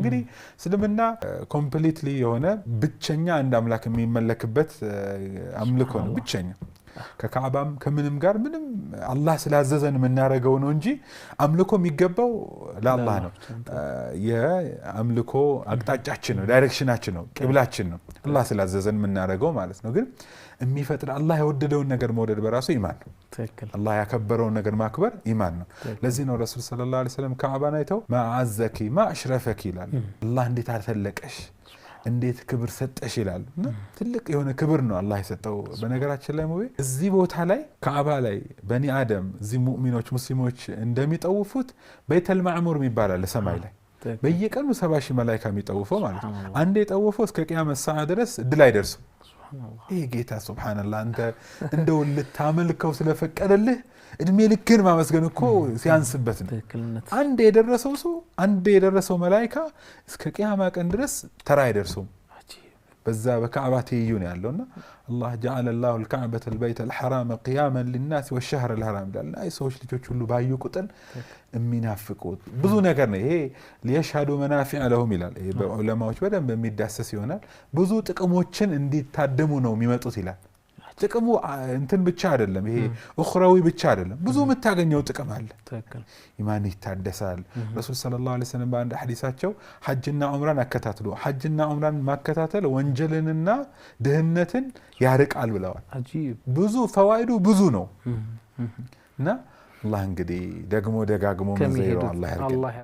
እንግዲህ እስልምና ኮምፕሊትሊ የሆነ ብቸኛ አንድ አምላክ የሚመለክበት አምልኮ ነው። ብቸኛ ከካዕባም ከምንም ጋር ምንም አላህ ስላዘዘን የምናደርገው ነው እንጂ አምልኮ የሚገባው ለአላህ ነው። የአምልኮ አቅጣጫችን ነው፣ ዳይሬክሽናችን ነው፣ ቅብላችን ነው። አላህ ስላዘዘን የምናደርገው ማለት ነው። ግን የሚፈጥር አላህ የወደደውን ነገር መውደድ በራሱ ኢማን ነው። አላህ ያከበረውን ነገር ማክበር ኢማን ነው። ለዚህ ነው ረሱል ሰለላሁ ዐለይሂ ወሰለም ከዕባን አይተው ማአዘኪ ማሽረፈኪ ይላል። አላህ እንዴት አተለቀሽ እንዴት ክብር ሰጠሽ ይላል። ትልቅ የሆነ ክብር ነው አላህ የሰጠው። በነገራችን ላይ ሙቤ እዚህ ቦታ ላይ ከዕባ ላይ በኒ አደም እዚህ ሙእሚኖች ሙስሊሞች እንደሚጠውፉት ቤተል ማዕሙር ይባላል ሰማይ ላይ በየቀኑ ሰባ ሺህ መላይካ የሚጠውፈው ማለት ነው። አንድ የጠወፈው እስከ ቅያመት ሰዓ ድረስ እድል አይደርሱም። ይህ ጌታ ሱብሓነላህ አንተ እንደው ልታመልከው ስለፈቀደልህ እድሜ ልክን ማመስገን እኮ ሲያንስበት ነው። አንድ የደረሰው ሰው አንድ የደረሰው መላይካ እስከ ቅያማ ቀን ድረስ ተራ አይደርሱም። በዛ በካዕባ ትይዩ ነው ያለው እና አላህ ጀዓለ ላሁ ልካዕበት ልበይት ልሐራመ ቅያመን ልናስ ወሻህር ልሐራም ይላል። አይ ሰዎች ልጆች ሁሉ ባዩ ቁጥር የሚናፍቁት ብዙ ነገር ነው። ይሄ ሊየሽሀዱ መናፊዕ ለሁም ይላል። በዑለማዎች በደንብ የሚዳሰስ ይሆናል። ብዙ ጥቅሞችን እንዲታደሙ ነው የሚመጡት ይላል። ጥቅሙ እንትን ብቻ አይደለም፣ ይሄ እኹራዊ ብቻ አይደለም። ብዙ የምታገኘው ጥቅም አለ። ኢማን ይታደሳል። ረሱል ሰለላሁ ዐለይሂ ወሰለም በአንድ ሐዲሳቸው ሐጅና ዑምራን አከታትሉ፣ ሐጅና ዑምራን ማከታተል ወንጀልንና ድህነትን ያርቃል ብለዋል። ብዙ ፈዋይዱ ብዙ ነው እና አላህ እንግዲህ ደግሞ ደጋግሞ መዘይሮ አላህ